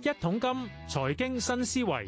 一桶金財經新思維，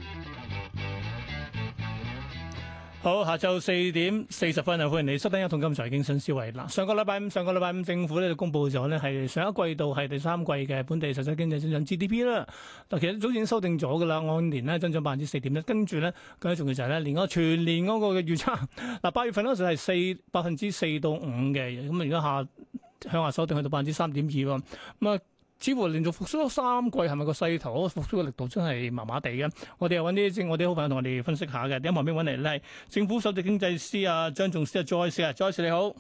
好，下晝四點四十分，歡迎你收聽一桶金財經新思維。嗱，上個禮拜五，上個禮拜五政府咧就公布咗咧，係上一季度係第三季嘅本地實際經濟增長 GDP 啦。嗱，其實早前已經修訂咗噶啦，按年咧增長百分之四點一，跟住咧更加重要就係咧，連嗰全年嗰個嘅預測，嗱八月份嗰時係四百分之四到五嘅，咁啊而家下向下修訂去到百分之三點二咯，咁啊。似乎連續復甦咗三季，係咪個勢頭？嗰個復甦嘅力度真係麻麻地嘅。我哋又揾啲正係我啲好朋友同我哋分析下嘅。喺旁邊揾嚟嚟，政府首席經濟師啊張頌詩啊 Joyce 啊 Joyce 你好，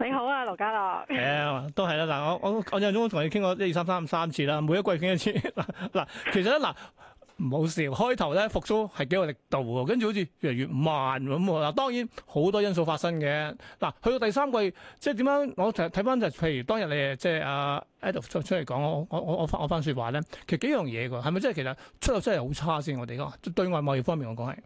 你好啊劉家樂，係啊、 嗯、都係啦嗱我我我印象中同你傾過一二三三三次啦，每一季傾一次嗱嗱 其實嗱。唔好笑，開頭咧復甦係幾有力度喎，跟住好似越嚟越慢咁喎。嗱，當然好多因素發生嘅。嗱，去到第三季，即係點樣？我睇睇翻就係譬如當日你即係阿 Edo 出出嚟講，我我我我翻我翻説話咧，其實幾樣嘢㗎，係咪即係其實出口真係好差先？我哋講對外貿易方面，我講係。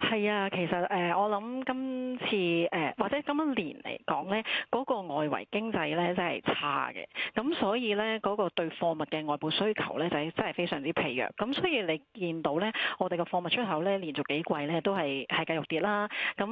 係啊，其實誒、呃，我諗今次誒、呃，或者今一年嚟講咧，嗰、那個外圍經濟咧真係差嘅，咁所以咧嗰、那個對貨物嘅外部需求咧就真係非常之疲弱，咁所以你見到咧，我哋嘅貨物出口咧連續幾季咧都係係繼續跌啦，咁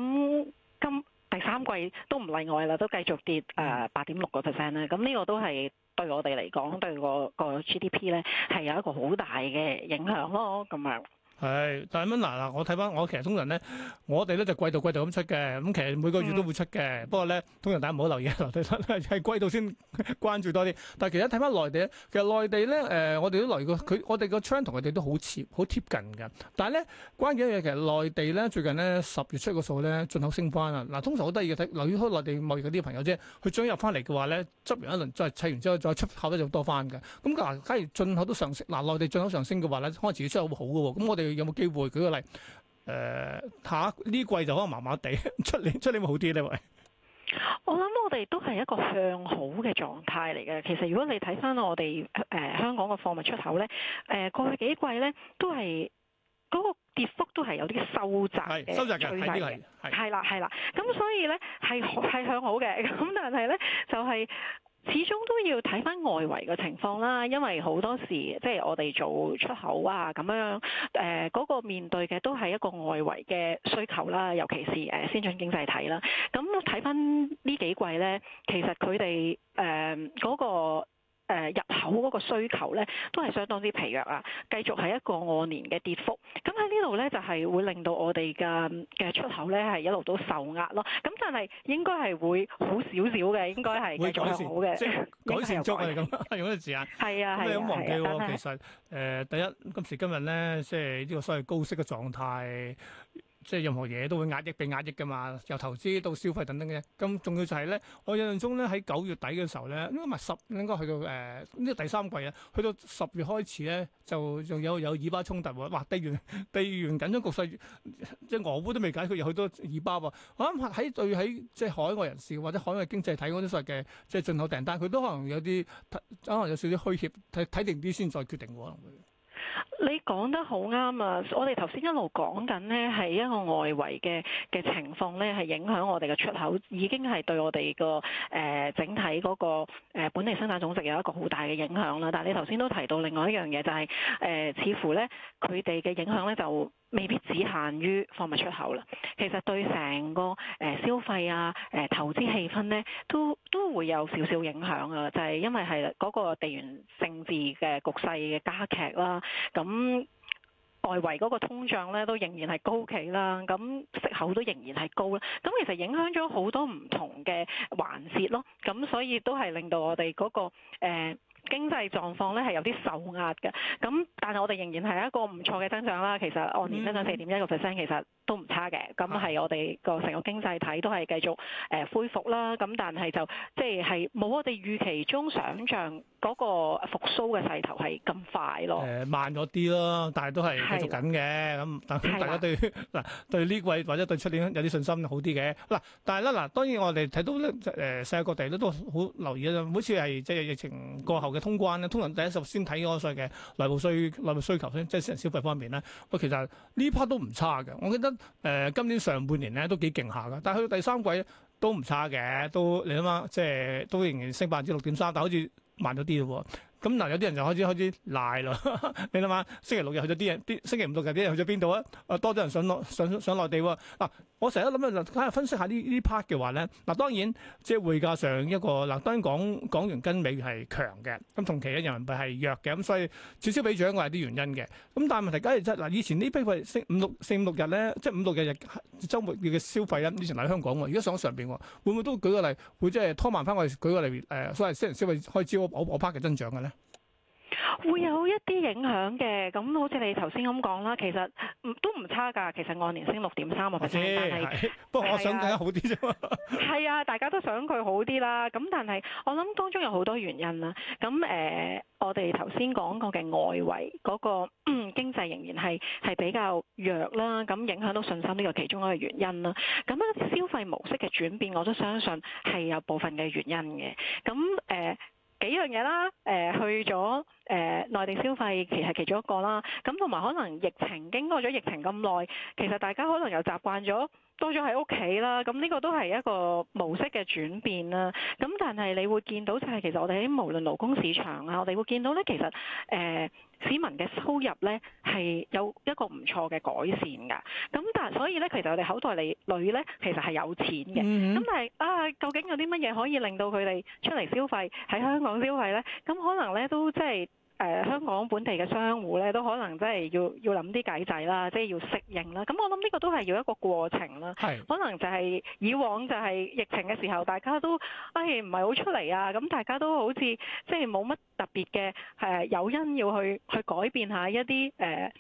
今第三季都唔例外啦，都繼續跌誒八點六個 percent 啦，咁呢個都係對我哋嚟講，對個 GDP 咧係有一個好大嘅影響咯，咁啊。係，但係咁嗱嗱，我睇翻我其實通常咧，我哋咧就季度季度咁出嘅，咁其實每個月都會出嘅。不過咧，通常大家唔好留意，留低睇係季度先關注多啲。但係其實睇翻內地，其實內地咧，誒、呃，我哋都留意過佢，我哋個窗同佢哋都好似好貼近㗎。但係咧，關鍵嘅嘢其實內地咧最近咧十月出個數咧進口升翻啦。嗱，通常好得意嘅睇，留意開內地貿易嗰啲朋友啫，佢進入翻嚟嘅話咧，執完一輪再砌完之後再出口就多翻嘅。咁嗱，假如進口都上升，嗱內地進口上升嘅話咧，可能自己出口好嘅喎。咁我哋～有冇機會？舉個例，誒下呢季就可能麻麻地，出年出年會好啲呢？喂，我諗我哋都係一個向好嘅狀態嚟嘅。其實如果你睇翻我哋誒香港嘅貨物出口咧，誒過去幾季咧都係嗰個跌幅都係有啲收窄，收窄嘅係啲係係啦係啦。咁所以咧係係向好嘅，咁但係咧就係。始終都要睇翻外圍嘅情況啦，因為好多時即係我哋做出口啊咁樣，誒、呃、嗰、嗰個面對嘅都係一個外圍嘅需求啦，尤其是誒、呃、先進經濟體啦。咁睇翻呢幾季呢，其實佢哋誒嗰個。誒入口嗰個需求咧都係相當之疲弱啊，繼續係一個按年嘅跌幅。咁喺呢度咧就係會令到我哋嘅嘅出口咧係一路都受壓咯。咁但係應該係會好少少嘅，應該係繼續好嘅。會改善，改善足係咁啊！用個字眼係啊，係啊，係啊。咁你唔好忘記喎，其實誒第一今時今日咧，即係呢個所謂高息嘅狀態。即係任何嘢都會壓抑被壓抑㗎嘛，由投資到消費等等嘅。咁仲要就係咧，我印象中咧喺九月底嘅時候咧，應該咪十應該去到誒，呢、呃、第三季啊，去到十月開始咧就仲有有以巴衝突喎，哇！地緣，地緣緊張局勢，即係俄烏都未解決，有好多以巴喎。我諗喺對喺即係海外人士或者海外經濟體嗰啲所謂嘅即係進口訂單，佢都可能有啲可能有少少虛怯，睇睇定啲先再決定可能會。你講得好啱啊！我哋頭先一路講緊呢係一個外圍嘅嘅情況呢係影響我哋嘅出口，已經係對我哋個誒整體嗰個誒本地生產總值有一個好大嘅影響啦。但係你頭先都提到另外一樣嘢，就係誒，似乎呢，佢哋嘅影響呢就未必只限於貨物出口啦，其實對成個誒、呃、消費啊、誒、呃、投資氣氛呢，都都會有少少影響㗎。就係、是、因為係嗰個地緣政治嘅局勢嘅加劇啦，咁外圍嗰個通脹呢，都仍然係高企啦，咁食口都仍然係高啦，咁其實影響咗好多唔同嘅環節咯，咁所以都係令到我哋嗰、那個、呃經濟狀況咧係有啲受壓嘅，咁但係我哋仍然係一個唔錯嘅增長啦。其實按年增長四點一個 percent，其實都唔差嘅。咁係我哋個成個經濟體都係繼續誒恢復啦。咁但係就即係係冇我哋預期中想象。嗰個復甦嘅勢頭係咁快咯，誒、呃、慢咗啲咯，但係都係繼續緊嘅咁。咁的、嗯、大家對嗱的 對呢季或者對出年有啲信心好啲嘅嗱。但係咧嗱，當然我哋睇到咧誒，世界各地咧都好留意好似係即係疫情過後嘅通關咧，通常第一首先睇嗰個所謂嘅內部需內部需求先，即係私人消費方面咧。我其實呢 part 都唔差嘅。我記得誒今年上半年咧都幾勁下㗎，但係去到第三季都唔差嘅，都你諗下，即係都仍然升百分之六點三，但好似。慢咗啲咯喎。咁嗱，有啲人就開始開始賴咯， 你諗下，星期六日去咗啲人，啲星期五六日啲去咗邊度啊？啊，多咗人上落上上內地喎。嗱，我成日諗下分析下呢呢 part 嘅話咧。嗱、啊，當然即匯價上一個嗱、啊，當然港港元跟美元係強嘅，咁、啊、同期嘅人民幣係弱嘅，咁所以至少少俾獎我係啲原因嘅。咁、啊、但係問題梗係嗱，以前批 5, 6, 4, 5, 呢批費四五六四五六日咧，即五六日日週末嘅消費咧，以前嚟香港喎，而家上上邊喎，會唔會都舉個例，會即係拖慢翻我哋舉個例誒、呃、所謂私人消費開支我嗰 part 嘅增長嘅咧？會有一啲影響嘅，咁好似你頭先咁講啦，其實都唔差噶，其實按年升六點三個 percent 但係是是不過我想睇好啲啫嘛，係 啊，大家都想佢好啲啦，咁但係我諗當中有好多原因啦，咁誒、呃、我哋頭先講過嘅外圍嗰、那個、呃、經濟仍然係係比較弱啦，咁影響到信心呢個其中一個原因啦，咁咧、呃、消費模式嘅轉變我都相信係有部分嘅原因嘅，咁誒、呃、幾樣嘢啦，誒、呃、去咗。誒、呃，內地消費其實係其中一個啦，咁同埋可能疫情經過咗疫情咁耐，其實大家可能又習慣咗多咗喺屋企啦，咁呢個都係一個模式嘅轉變啦。咁但係你會見到就係、是、其實我哋喺無論勞工市場啊，我哋會見到呢，其實誒、呃、市民嘅收入呢係有一個唔錯嘅改善㗎。咁但係所以呢，其實我哋口袋裏裏呢其實係有錢嘅。咁但係啊，究竟有啲乜嘢可以令到佢哋出嚟消費喺香港消費呢？咁可能呢都即係。誒、呃、香港本地嘅商戶咧，都可能真係要要諗啲計仔啦，即係要適應啦。咁我諗呢個都係要一個過程啦。係是，可能就係以往就係疫情嘅時候，大家都誒唔係好出嚟啊。咁大家都好似即係冇乜特別嘅誒、呃，有因要去去改變一下一啲誒。呃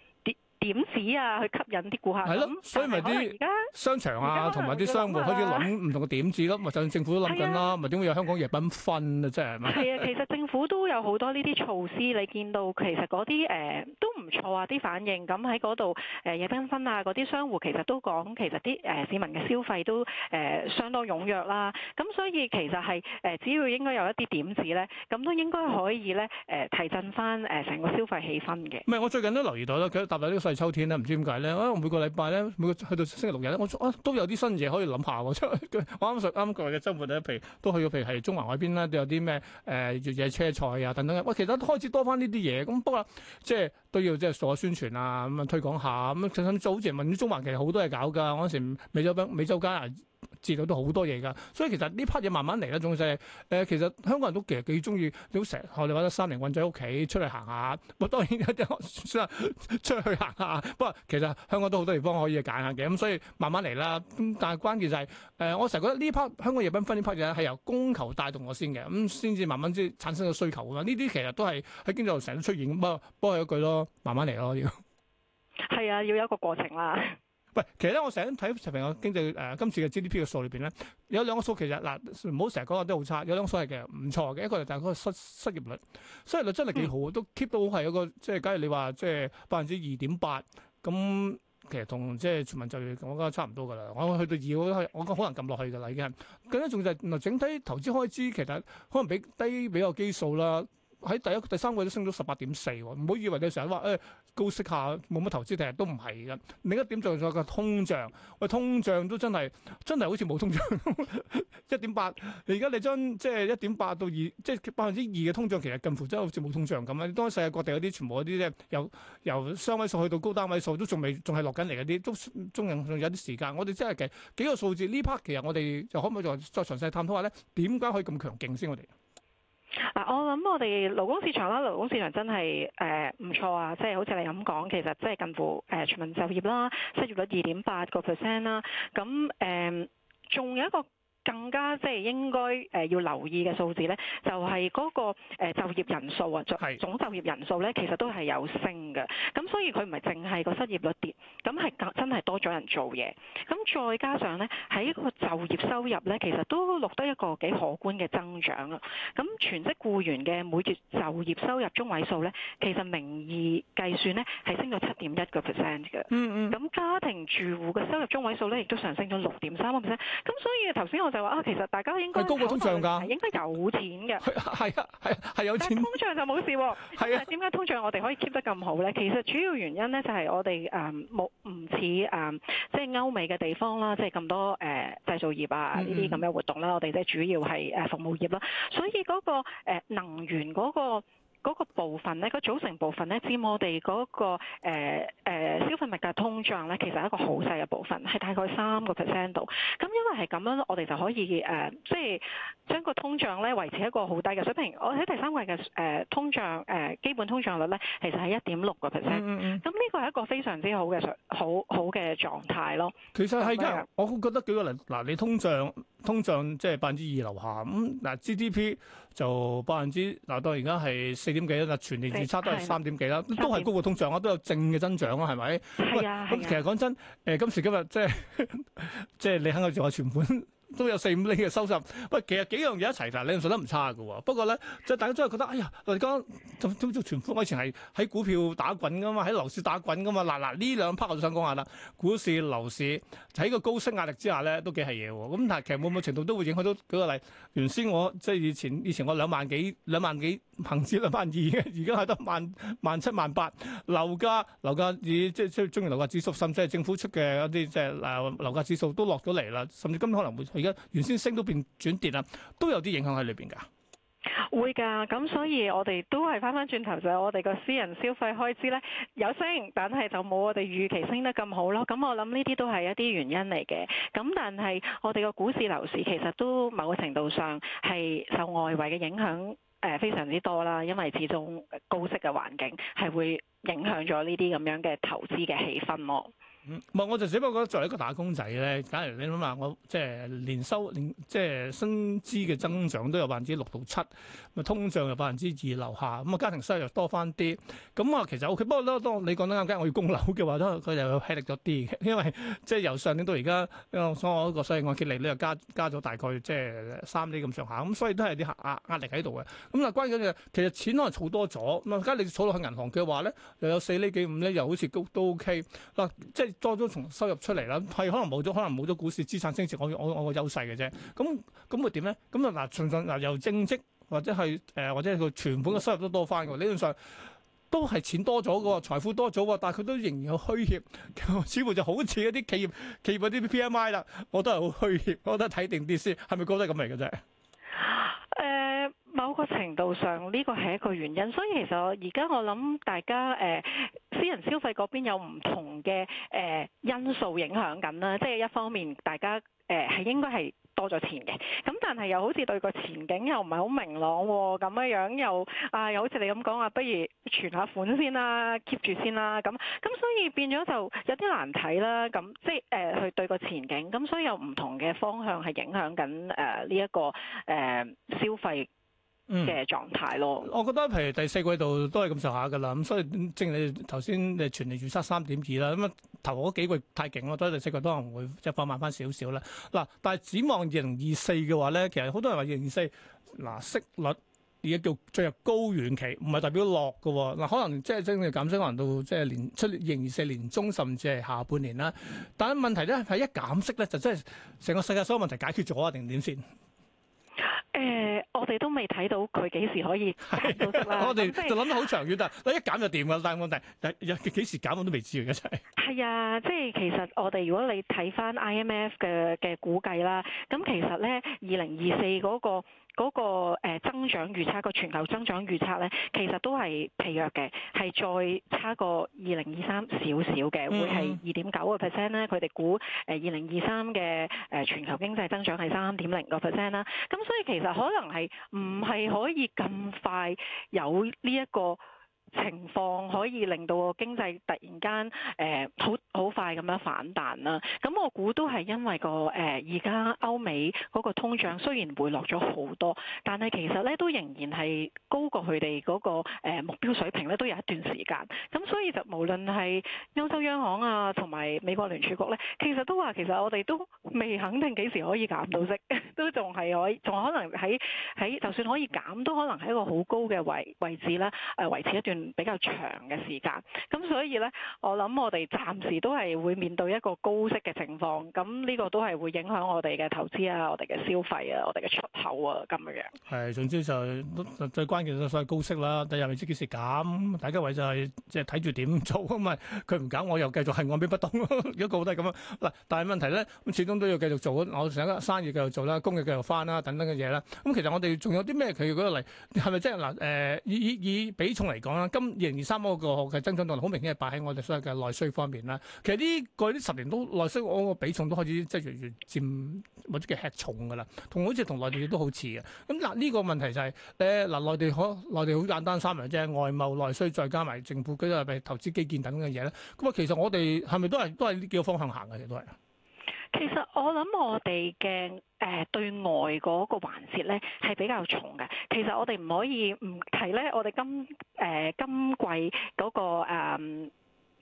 點子啊，去吸引啲顧客。係咯的，所以咪啲商場啊，同埋啲商戶開始諗唔同嘅點子咯、啊。咪就算政府都諗緊啦，咪點的會有香港夜繽紛啊？即係係咪？係啊，其實政府都有好多呢啲措施，你見到其實嗰啲誒唔錯啊！啲反應咁喺嗰度誒，夜繽紛啊！嗰啲商戶其實都講，其實啲誒、呃、市民嘅消費都誒、呃、相當踴躍啦。咁所以其實係誒、呃，只要應該有一啲點子咧，咁都應該可以咧誒、呃，提振翻誒成個消費氣氛嘅、嗯。唔係、嗯，我最近都留意到啦，佢搭到呢個世秋天咧，唔知點解咧啊！每個禮拜咧，每個去到星期六日咧，我都有啲新嘢可以諗下 我啱上啱過嚟嘅周末咧，譬如都去到，譬如係中環海邊啦，都有啲咩誒越野車賽啊等等。喂，其實開始多翻呢啲嘢。咁不過即係。即都要即係做下宣傳啊，咁啊推廣下，咁重新做。好似問啲中環其實好多嘢搞㗎，嗰陣時美洲北、美洲加拿。接到都好多嘢噶，所以其實呢 part 嘢慢慢嚟啦，總之係誒，其實香港人都其實幾中意你好，成日我哋覺得三零困喺屋企出去行下，不過當然有啲出去行下。不過其實香港都好多地方可以揀下嘅，咁、嗯、所以慢慢嚟啦。但係關鍵就係、是、誒、呃，我成日覺得呢 part 香港夜繽紛呢 part 嘢係由供求帶動我先嘅，咁先至慢慢先產生咗需求啊嘛。呢啲其實都係喺經濟度成日出現咁啊。補佢一句咯，慢慢嚟咯要。係啊，要有一個過程啦。唔係，其實咧，我成日都睇成個經濟誒、呃、今次嘅 GDP 嘅數裏邊咧，有兩個數其實嗱，唔好成日講話都好差，有兩個數係其實唔錯嘅。一個就係嗰個失失業率，失業率真係幾好、嗯、都 keep 到係一個即係，假如你話即係百分之二點八，咁其實同即係全民就業我覺得差唔多㗎啦。我去到二我都去，我可能撳落去㗎啦已經。咁咧仲就嗱，整體投資開支其實可能比低比較基數啦。喺第一第三季都升咗十八點四喎，哦、唔好以為你成日話誒。哎高息下冇乜投資，定係都唔係嘅。另一點就係個通脹，喂，通脹都真係真係好似冇通脹，一點八。而家你將即係一點八到二，即係百分之二嘅通脹，其實近乎真係好似冇通脹咁樣！當世界各地嗰啲全部嗰啲即由由雙位數去到高單位數，都仲未仲係落緊嚟嘅，啲都仲仲有啲時間。我哋真係計幾個數字呢 part 其實我哋就可唔可以再再詳細探討下咧？點解可以咁強勁先？我哋？嗱，我諗我哋勞工市場啦，勞工市場真係誒唔錯啊，即係好似你咁講，其實即係近乎誒全民就業啦，失業率二點八個 percent 啦，咁誒仲有一個。更加即係應該誒要留意嘅數字呢，就係、是、嗰個就業人數啊，總是總就業人數呢，其實都係有升嘅。咁所以佢唔係淨係個失業率跌，咁係真係多咗人做嘢。咁再加上呢，喺個就業收入呢，其實都錄得一個幾可觀嘅增長啦。咁全職雇員嘅每月就業收入中位數呢，其實名義計算呢，係升咗七點一個 percent 嘅。嗯嗯。咁家庭住戶嘅收入中位數呢，亦都上升咗六點三個 percent。咁所以頭先我。就話啊，其實大家應該係高過通脹㗎，應該有錢嘅。係啊，係啊，係有錢。通脹就冇事喎。係啊。點解通脹我哋可以 keep 得咁好咧？其實主要原因咧就係我哋誒冇唔似誒即係歐美嘅地方啦，即係咁多誒製造業啊呢啲咁嘅活動啦，我哋即係主要係誒服務業啦，所以嗰個誒能源嗰個。嗰個部分咧，嗰個組成部分咧，佔我哋嗰、嗰個誒、呃呃、消費物價通脹咧，其實係一個好細嘅部分，係大概三個 percent 度。咁因為係咁樣，我哋就可以誒、呃，即係將個通脹咧維持一個好低嘅水平。我喺第三季嘅誒通脹誒基本通脹率咧，其實係一點六個 percent。咁呢個係一個非常之好嘅好好嘅狀態咯。其實係噶，就是、我覺得舉個例嗱，你通脹。通脹即係百分之二樓下，咁、嗯、嗱 GDP 就百分之嗱，當而家係四點幾啦，全年預測都係三點幾啦的，都係高過通脹啊，都有正嘅增長啊，係咪？係啊，咁其實講真，誒、呃、今時今日即係即係你肯嘅做下存款。都有四五厘嘅收息，喂，其實幾樣嘢一齊，但係你唔信得唔差嘅喎。不過咧，即係大家真係覺得，哎呀，我哋講做做全富嗰陣時係喺股票打滾嘅嘛，喺樓市打滾嘅嘛。嗱嗱，呢兩 part 我就想講下啦，股市、樓市就喺個高息壓力之下咧，都幾係嘢喎。咁但係其實某某程度都會影響到。舉個例，原先我即係以前以前我兩萬幾兩萬幾。憑住兩萬二嘅，而家係得萬萬七萬八樓價樓價指即即係中原樓價指數，甚至係政府出嘅一啲即係樓樓價指數都落咗嚟啦。甚至今可能會而家原先升都變轉跌啦，都有啲影響喺裏邊㗎。會㗎，咁所以我哋都係返返轉頭就係、是、我哋個私人消費開支咧有升，但係就冇我哋預期升得咁好咯。咁我諗呢啲都係一啲原因嚟嘅。咁但係我哋個股市樓市其實都某程度上係受外圍嘅影響。誒非常之多啦，因為始終高息嘅環境係會影響咗呢啲咁樣嘅投資嘅氣氛咯。唔，唔、嗯，我就只不過覺得作為一個打工仔咧，假如你諗下，我即係年收、年即係薪資嘅增長都有百分之六到七，咁啊通脹又百分之二樓下，咁、嗯、啊家庭收入又多翻啲，咁、嗯、啊其實 OK。不過咧，當你講得啱，梗係我要供樓嘅話咧，佢就吃力咗啲嘅，因為即係由上年到而家，因為我所我嗰個所以按揭利率又加加咗大概即係三厘咁上下，咁、嗯、所以都係啲壓壓力喺度嘅。咁、嗯、啊，關鍵就是、其實錢可能儲多咗，咁、嗯、啊，假如儲落去銀行嘅話咧，又有四厘幾五咧，又好似都 OK。嗱、啊啊，即係。啊啊啊啊啊多咗從收入出嚟啦，係可能冇咗，可能冇咗股市資產升值，我我我個優勢嘅啫。咁咁會點咧？咁啊嗱，純粹嗱由正職或者係誒、呃、或者係個全盤嘅收入都多翻嘅，理論上都係錢多咗喎，財富多咗喎，但係佢都仍然有虛怯， 似乎就好似一啲企業企業嗰啲 P M I 啦，我都係好虛怯，我覺得睇定啲先，係咪覺得係咁嚟嘅啫？誒、呃，某個程度上呢、這個係一個原因，所以其實而家我諗大家誒。呃人消費嗰邊有唔同嘅誒、呃、因素影響緊啦，即係一方面大家誒係、呃、應該係多咗錢嘅，咁但係又好似對個前景又唔係好明朗喎，咁樣樣又啊又好似你咁講啊，不如存下款先啦，keep 住先啦，咁咁所以變咗就有啲難睇啦，咁即係誒、呃、去對個前景，咁所以有唔同嘅方向係影響緊誒呢一個誒、呃、消費。嘅、嗯、狀態咯，我覺得譬如第四季度都係咁上下㗎啦，咁所以正你頭先誒全年預測三點二啦，咁啊頭嗰幾季太勁咯，所以第四季都可能會即係放慢翻少少啦。嗱，但係展望二零二四嘅話咧，其實好多人話二零二四嗱息率而家叫進入高遠期，唔係代表落嘅，嗱可能即係真正減息可能到即係年出二零二四年中甚至係下半年啦。但係問題咧係一減息咧就真係成個世界所有問題解決咗啊定點先？誒、呃，我哋都未睇到佢幾時可以到 我哋就諗得好長遠啊！ 但一減就掂㗎啦，但係但係有幾時減我都未知嘅，真係。係啊，即係其實我哋如果你睇翻 IMF 嘅嘅估計啦，咁其實咧二零二四嗰個。嗰個誒增長預測，個全球增長預測咧，其實都係疲弱嘅，係再差過二零二三少少嘅，會係二點九個 percent 咧。佢哋估誒二零二三嘅誒全球經濟增長係三點零個 percent 啦。咁所以其實可能係唔係可以咁快有呢一個。情況可以令到個經濟突然間誒好好快咁樣反彈啦。咁我估都係因為個誒而家歐美嗰個通脹雖然回落咗好多，但係其實咧都仍然係高過佢哋嗰個誒目標水平咧，都有一段時間。咁所以就無論係歐洲央行啊，同埋美國聯儲局咧，其實都話其實我哋都未肯定幾時可以減到息，都仲係可以，仲可能喺喺就算可以減，都可能喺一個好高嘅位位置啦，誒、呃、維持一段比較長嘅時間，咁所以咧，我諗我哋暫時都係會面對一個高息嘅情況，咁呢個都係會影響我哋嘅投資啊、我哋嘅消費啊、我哋嘅出口啊咁樣。係總之就係、最關鍵就係高息啦，第二又未知幾時減，大家位就係即係睇住點做啊嘛。佢唔搞，我又繼續係按兵不動。而家個個都係咁樣。嗱，但係問題咧，咁始終都要繼續做。我想生意繼續做啦，工業繼續翻啦，等等嘅嘢啦。咁其實我哋仲有啲咩？佢嗰個例係咪即係嗱？誒、呃、以以以比重嚟講啦。今二零二三嗰個嘅增長動力，好明顯係擺喺我哋所謂嘅內需方面啦。其實呢個呢十年都內需嗰個比重都開始即係越嚟越佔或者叫吃重㗎啦。同好似同內地亦都好似嘅。咁嗱呢個問題就係、是，誒嗱內地可內地好簡單三樣啫，外貿、內需，再加埋政府嗰啲投資基建等嘅嘢咧？咁啊，其實我哋係咪都係都係呢幾個方向行嘅？其實都係。其實我諗我哋嘅誒對外嗰個環節咧係比較重嘅。其實我哋唔可以唔提咧，我哋今誒今季嗰個誒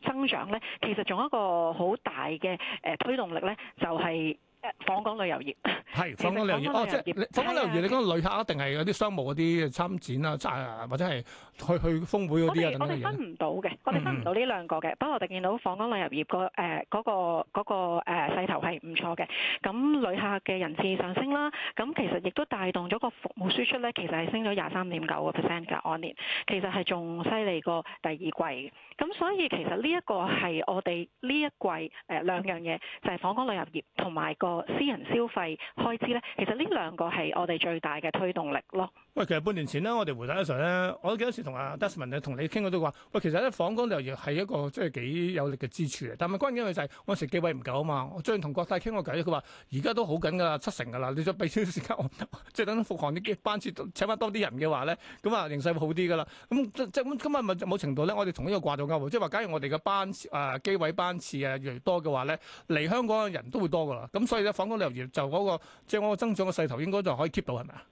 增長咧，其實仲有一個好大嘅誒推動力咧，就係。誒，訪港旅遊業係訪港旅遊業，哦，即係訪港旅遊業。遊業啊、你講旅客一定係有啲商務嗰啲參展啊，啊，或者係去去峯會嗰啲啊？我哋們分唔到嘅，我哋分唔到呢兩個嘅。嗯嗯，不過我哋見到訪港旅遊業、呃那個誒嗰、那個嗰個誒勢頭係唔錯嘅。咁旅客嘅人次上升啦，咁其實亦都帶動咗個服務輸出咧，其實係升咗廿三點九個 percent 嘅按年，it, 其實係仲犀利過第二季。咁所以其實呢一個係我哋呢一季誒、呃、兩樣嘢，就係訪港旅遊業同埋個。私人消費開支咧，其實呢兩個係我哋最大嘅推動力咯。喂，其實半年前咧，我哋回答嘅時候咧，我 man, 都幾多次同阿 Desmond 同你傾，我都話喂，其實咧訪港旅遊係一個即係幾有力嘅支柱嚟。但係關鍵嘅就係、是、我時機位唔夠啊嘛。我最近同國泰傾過偈，佢話而家都好緊㗎啦，七成㗎啦。你再俾少少時間我，即係等復航啲班次請翻多啲人嘅話咧，咁啊形勢會好啲㗎啦。咁、嗯、即係今日咪某程度咧，我哋同呢個掛到鈎，即係話假如我哋嘅班誒、啊、機位班次誒越嚟越多嘅話咧，嚟香港嘅人都會多㗎啦。咁、嗯、所以即係房地樓業就嗰個，即係嗰個增長嘅勢頭應該就可以 keep 到係咪啊？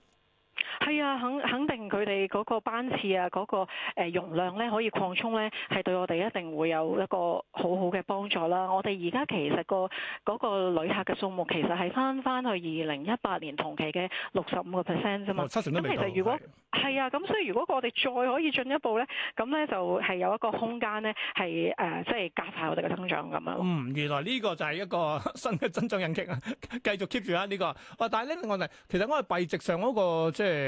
係啊，肯肯定佢哋嗰個班次啊，嗰個誒容量咧可以擴充咧，係對我哋一定會有一個好好嘅幫助啦。我哋而家其實個嗰個旅客嘅數目其實係翻翻去二零一八年同期嘅六十五個 percent 啫嘛，哦，七成都未到。咁其實如果係啊，咁所以如果我哋再可以進一步咧，咁咧就係有一個空間咧，係誒即係加快我哋嘅增長咁樣。嗯，原來呢個就係一個新嘅增長引擎啊！繼續 keep 住啊，呢個。哇，但係咧我哋其實我係幣值上嗰個即係。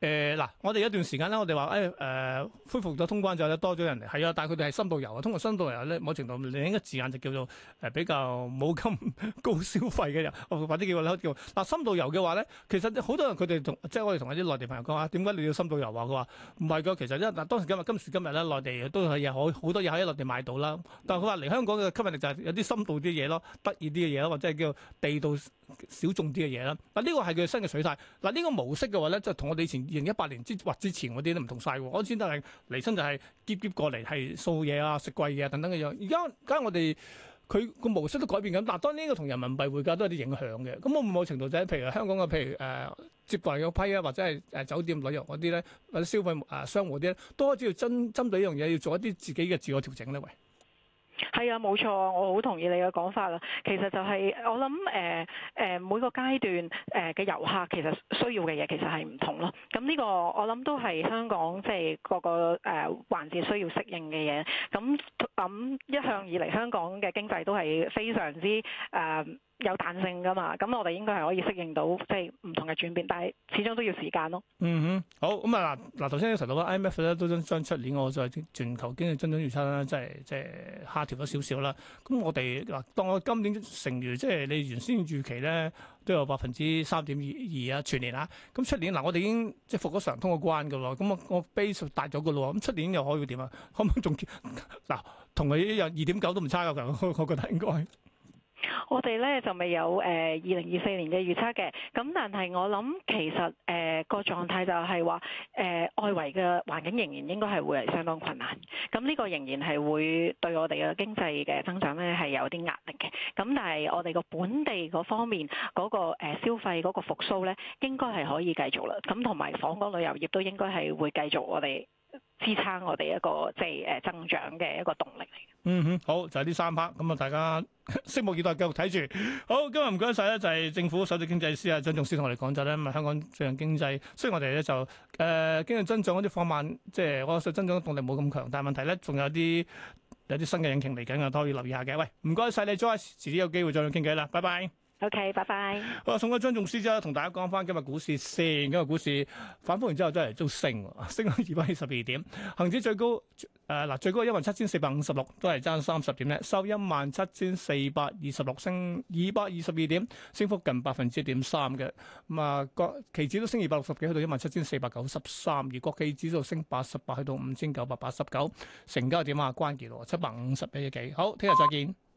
誒嗱、呃，我哋有一段時間啦，我哋話誒誒恢復咗通關之後，多咗人嚟，係啊，但係佢哋係深度遊啊。通過深度遊咧，某程度另一個字眼就叫做誒、呃、比較冇咁高消費嘅人，或者啲叫咧叫嗱深度遊嘅話咧，其實好多人佢哋同即係我哋同一啲內地朋友講啊，點解你要深度遊啊？佢話唔係㗎，其實因為嗱當時今日今時今日咧，內地都係有好多嘢喺內地買到啦。但係佢話嚟香港嘅吸引力就係有啲深度啲嘢咯，得意啲嘅嘢啦，或者係叫地道小眾啲嘅嘢啦。嗱、這、呢個係佢新嘅水態。嗱、這、呢個模式嘅話咧，就同我哋以前。二零一八年之或之前嗰啲都唔同晒。我先得嚟嚟親就係疊疊過嚟係掃嘢啊，食貴嘢啊等等嘅樣。而家而家我哋佢個模式都改變緊，嗱當然呢個同人民幣匯價都有啲影響嘅。咁我某程度就譬如香港嘅譬如誒、呃、接過嚟嗰批啊，或者係誒酒店旅遊嗰啲咧，或者消費啊商戶啲咧，都開始要針針對呢樣嘢要做一啲自己嘅自我調整咧，喂。係啊，冇錯，我好同意你嘅講法啦。其實就係、是、我諗，誒、呃、誒、呃、每個階段誒嘅遊客其實需要嘅嘢其實係唔同咯。咁呢個我諗都係香港即係各個誒、呃、環節需要適應嘅嘢。咁咁一向以嚟香港嘅經濟都係非常之誒。呃有彈性噶嘛？咁我哋應該係可以適應到即係唔同嘅轉變，但係始終都要時間咯。嗯哼，好咁啊！嗱嗱，頭先你提到咧，IMF 咧都將出年我再全球經濟增長預測咧，即係即係下調咗少少啦。咁我哋嗱，當我今年成如即係你原先預期咧，都有百分之三點二二啊，全年啊。咁出年嗱，我哋已經即係復咗常通嘅關噶啦。咁我我 base 大咗嘅啦。咁出年又可以點啊？可唔可以仲嗱同佢一樣二點九都唔差嘅？我我覺得應該。我哋咧就未有誒二零二四年嘅預測嘅，咁但係我諗其實誒、呃個狀態就係話誒外圍嘅環境仍然應該係會係相當困難，咁呢個仍然係會對我哋嘅經濟嘅增長咧係有啲壓力嘅。咁但係我哋個本地嗰方面嗰、誒個消費嗰個復甦咧，應該係可以繼續啦。咁同埋訪港旅遊業都應該係會繼續我哋。支撐我哋一個即係誒、呃、增長嘅一個動力嚟嘅。嗯哼，好就係、是、呢三 part，咁啊大家拭目以待，繼續睇住。好，今日唔該晒咧，就係、是、政府首席經濟師啊張頌詩同我哋講就咧，咁啊香港最近經濟，雖然我哋咧就誒、呃、經濟增長嗰啲放慢，即係我嘅增長嘅動力冇咁強，但係問題咧仲有啲有啲新嘅引擎嚟緊啊，都可以留意下嘅。喂，唔該晒你，Joyce，遲啲有機會再傾偈啦，拜拜。OK，拜拜。好啊，送咗張頌詩之後同大家講翻今日股市先。今日股市反覆完之後真係都升，升咗二百二十二點。恒指最高誒嗱、呃，最高一萬七千四百五十六，都係爭三十點咧，收一萬七千四百二十六，升二百二十二點，升幅近百分之一點三嘅。咁啊，個期指都升二百六十幾，去到一萬七千四百九十三，而國企指數升八十八，去到五千九百八十九。成交點啊，關鍵六七百五十幾億幾。好，聽日再見。